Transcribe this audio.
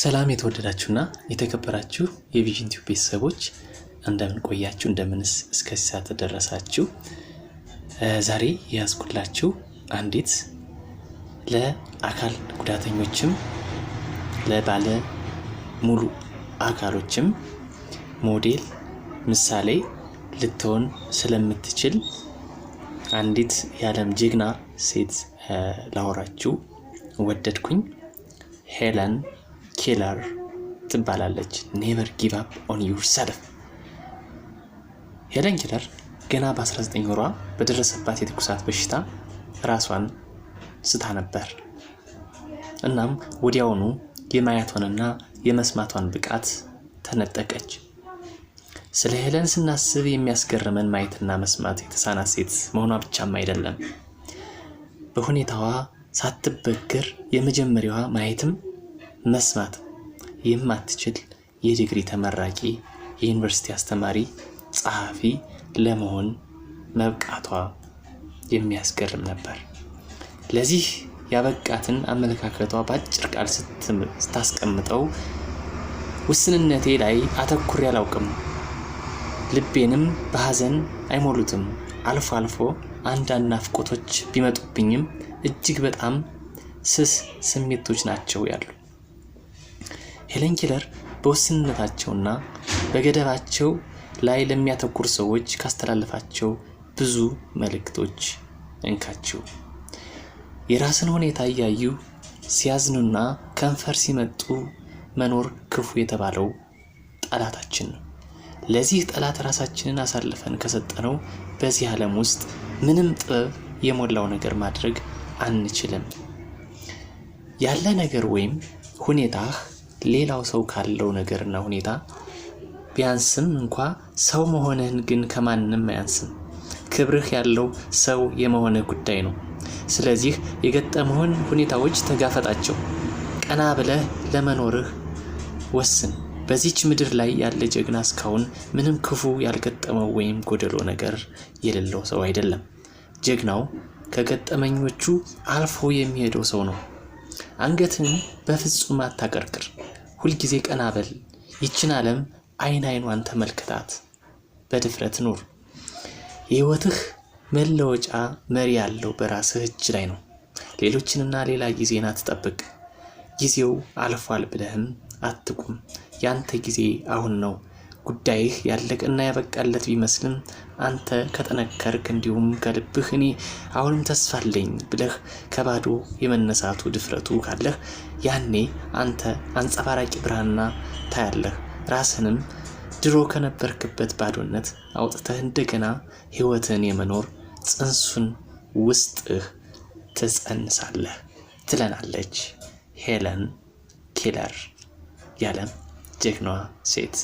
ሰላም የተወደዳችሁና የተከበራችሁ የቪዥን ቲዩብ ቤተሰቦች እንደምን ቆያችሁ? እንደምንስ እስከዚህ ሰዓት ዛሬ የያዝኩላችሁ አንዲት ለአካል ጉዳተኞችም ለባለ ሙሉ አካሎችም ሞዴል ምሳሌ ልትሆን ስለምትችል አንዲት የዓለም ጀግና ሴት ላወራችሁ ወደድኩኝ ሄለን ኬለር ትባላለች። ኔቨር ጊቭ አፕ ኦን ዩር ሰልፍ። ሄለን ኬለር ገና በ19 ወሯ በደረሰባት የትኩሳት በሽታ ራሷን ስታ ነበር። እናም ወዲያውኑ የማያቷንና የመስማቷን ብቃት ተነጠቀች። ስለ ሄለን ስናስብ የሚያስገርመን ማየትና መስማት የተሳናት ሴት መሆኗ ብቻም አይደለም፣ በሁኔታዋ ሳትበግር የመጀመሪያዋ ማየትም መስማት የማትችል የዲግሪ ተመራቂ የዩኒቨርሲቲ አስተማሪ ጸሐፊ ለመሆን መብቃቷ የሚያስገርም ነበር። ለዚህ ያበቃትን አመለካከቷ በአጭር ቃል ስታስቀምጠው ውስንነቴ ላይ አተኩሬ አላውቅም፣ ልቤንም በሐዘን አይሞሉትም። አልፎ አልፎ አንዳንድ ናፍቆቶች ቢመጡብኝም እጅግ በጣም ስስ ስሜቶች ናቸው ያሉ ሄለን ኪለር በውስንነታቸውና በገደባቸው ላይ ለሚያተኩር ሰዎች ካስተላለፋቸው ብዙ መልእክቶች እንካችው የራስን ሁኔታ እያዩ ሲያዝኑና ከንፈር ሲመጡ መኖር ክፉ የተባለው ጠላታችን ነው። ለዚህ ጠላት ራሳችንን አሳልፈን ከሰጠነው በዚህ ዓለም ውስጥ ምንም ጥበብ የሞላው ነገር ማድረግ አንችልም። ያለ ነገር ወይም ሁኔታህ ሌላው ሰው ካለው ነገርና ሁኔታ ቢያንስም እንኳ ሰው መሆንህን ግን ከማንም አያንስም። ክብርህ ያለው ሰው የመሆንህ ጉዳይ ነው። ስለዚህ የገጠመውን ሁኔታዎች ተጋፈጣቸው። ቀና ብለህ ለመኖርህ ወስን። በዚች ምድር ላይ ያለ ጀግና እስካሁን ምንም ክፉ ያልገጠመው ወይም ጎደሎ ነገር የሌለው ሰው አይደለም። ጀግናው ከገጠመኞቹ አልፎ የሚሄደው ሰው ነው። አንገትን በፍጹም አታቀርቅር። ሁልጊዜ ቀና በል። ይችን ዓለም አይን አይኗን ተመልክታት፣ በድፍረት ኑር። የህይወትህ መለወጫ መሪ ያለው በራስህ እጅ ላይ ነው። ሌሎችንና ሌላ ጊዜን አትጠብቅ። ጊዜው አልፏል ብለህም አትቁም። ያንተ ጊዜ አሁን ነው። ጉዳይህ ያለቀና ያበቃለት ቢመስልም አንተ ከጠነከርክ እንዲሁም ከልብህ እኔ አሁንም ተስፋ አለኝ ብለህ ከባዶ የመነሳቱ ድፍረቱ ካለህ ያኔ አንተ አንጸባራቂ ብርሃና ታያለህ። ራስህንም ድሮ ከነበርክበት ባዶነት አውጥተህ እንደገና ህይወትን የመኖር ጽንሱን ውስጥህ ትጸንሳለህ ትለናለች ሄለን ኬለር ያለም ጀግናዋ ሴት።